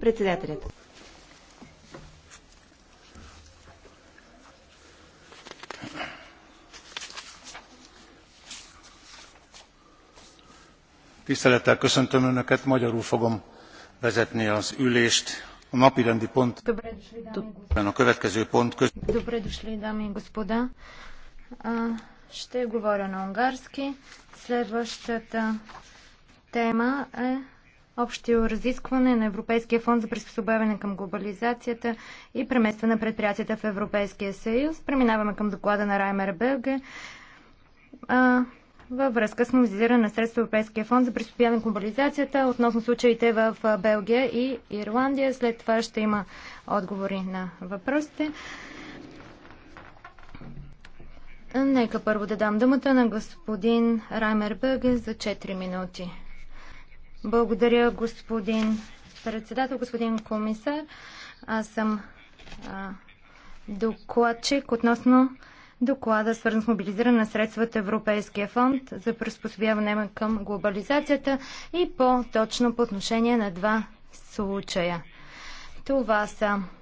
Председателят. Tisztelettel köszöntöm Önöket, magyarul fogom vezetni az ülést. A napi rendi pont, a következő pont köz... Добре дошли, дами и господа. Ще говоря на унгарски. Следващата тема е общо разискване на Европейския фонд за приспособяване към глобализацията и преместване на предприятията в Европейския съюз. Преминаваме към доклада на Раймер Белге а, във връзка с мобилизиране на средства Европейския фонд за приспособяване към глобализацията относно случаите в Белгия и Ирландия. След това ще има отговори на въпросите. Нека първо да дам думата на господин Раймер Бълге за 4 минути. Благодаря, господин председател, господин комисар. Аз съм а, докладчик относно доклада, свързан с мобилизиране на средствата Европейския фонд за приспособяване към глобализацията и по-точно по отношение на два случая. Това са